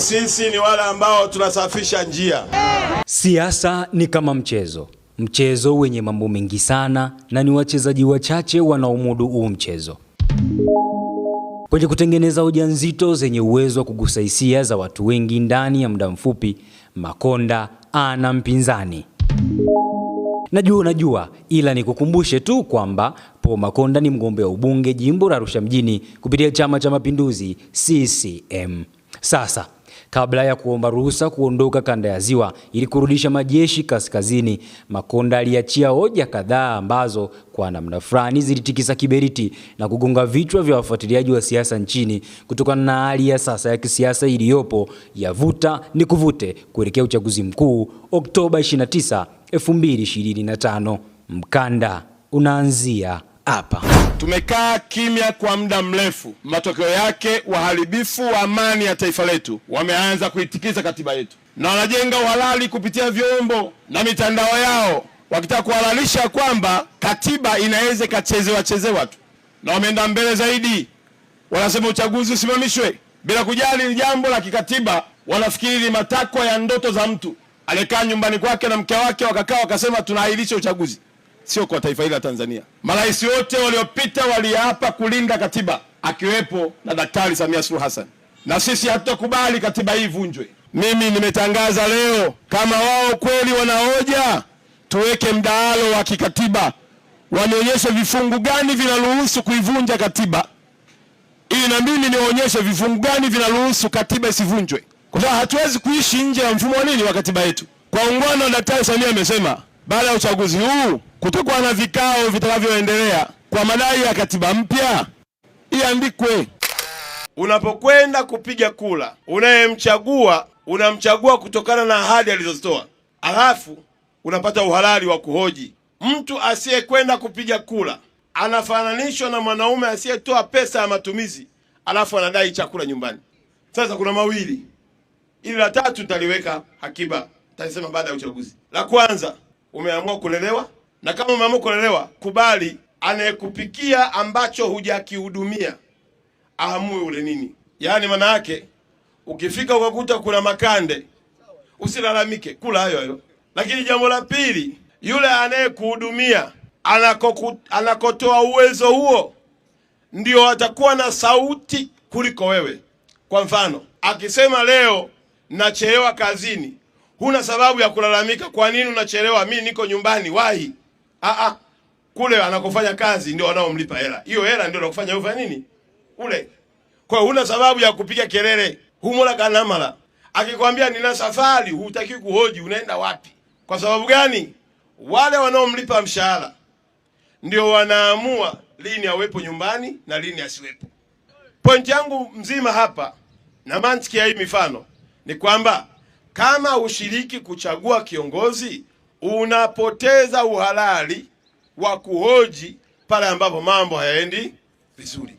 Sisi ni wale ambao tunasafisha njia. Siasa ni kama mchezo, mchezo wenye mambo mengi sana, na ni wachezaji wachache wanaomudu huu mchezo kwenye kutengeneza hoja nzito zenye uwezo wa kugusa hisia za watu wengi ndani ya muda mfupi. Makonda ana mpinzani. Najua unajua, ila nikukumbushe tu kwamba Paul Makonda ni mgombea ubunge jimbo la Arusha mjini kupitia Chama cha Mapinduzi CCM. Sasa kabla ya kuomba ruhusa kuondoka kanda ya Ziwa ili kurudisha majeshi kaskazini. Makonda aliachia hoja kadhaa ambazo kwa namna fulani zilitikisa kiberiti na kugonga vichwa vya wafuatiliaji wa siasa nchini kutokana na hali ya sasa ya kisiasa iliyopo ya vuta ni kuvute kuelekea uchaguzi mkuu Oktoba 29, 2025. Mkanda unaanzia hapa. Tumekaa kimya kwa muda mrefu, matokeo yake waharibifu wa amani ya taifa letu wameanza kuitikiza katiba yetu na wanajenga uhalali kupitia vyombo na mitandao yao, wakitaka kuhalalisha kwamba katiba inaweza ikachezewa chezewa tu, na wameenda mbele zaidi, wanasema uchaguzi usimamishwe bila kujali ni jambo la kikatiba. Wanafikiri ni matakwa ya ndoto za mtu aliyekaa nyumbani kwake na mke wake, wakakaa wakasema tunaahirisha uchaguzi sio kwa taifa hili la Tanzania. Marais wote waliopita waliapa kulinda katiba, akiwepo na Daktari Samia Suluhu Hassan, na sisi hatutakubali katiba hii ivunjwe. Mimi nimetangaza leo, kama wao kweli wanaoja, tuweke mdahalo wa kikatiba, wanionyeshe vifungu gani vinaruhusu kuivunja katiba ili na mimi niwaonyeshe vifungu gani vinaruhusu katiba isivunjwe, kwa sababu hatuwezi kuishi nje ya mfumo wa nini wa katiba yetu. Kwa ungwana, Daktari Samia amesema baada ya uchaguzi huu kutokuwa na vikao vitakavyoendelea kwa madai ya katiba mpya iandikwe. Unapokwenda kupiga kula, unayemchagua unamchagua kutokana na ahadi alizozitoa, alafu unapata uhalali wa kuhoji. Mtu asiyekwenda kupiga kula anafananishwa na mwanaume asiyetoa pesa ya matumizi, alafu anadai chakula nyumbani. Sasa kuna mawili, ili la tatu nitaliweka akiba, talisema baada ya uchaguzi. La kwanza, umeamua kulelewa na kama umeamua kuolewa, kubali anayekupikia ambacho hujakihudumia aamue ule nini. Yaani maana yake ukifika ukakuta kuna makande, usilalamike, kula hayo hayo. Lakini jambo la pili, yule anayekuhudumia anakotoa uwezo huo ndio atakuwa na sauti kuliko wewe. Kwa mfano, akisema leo nachelewa kazini, huna sababu ya kulalamika. Kwa nini unachelewa? Mimi niko nyumbani, wahi. Ah ah. Kule anakofanya kazi ndio wanaomlipa hela. Hiyo hela ndio anakufanya wewe nini? Ule. Kwa hiyo huna sababu ya kupiga kelele. Humula kanamala. Akikwambia nina safari, hutaki kuhoji unaenda wapi? Kwa sababu gani? Wale wanaomlipa mshahara ndio wanaamua lini awepo nyumbani na lini asiwepo. Point yangu mzima hapa na mantiki ya hii mifano ni kwamba kama ushiriki kuchagua kiongozi unapoteza uhalali wa kuhoji pale ambapo mambo hayaendi vizuri.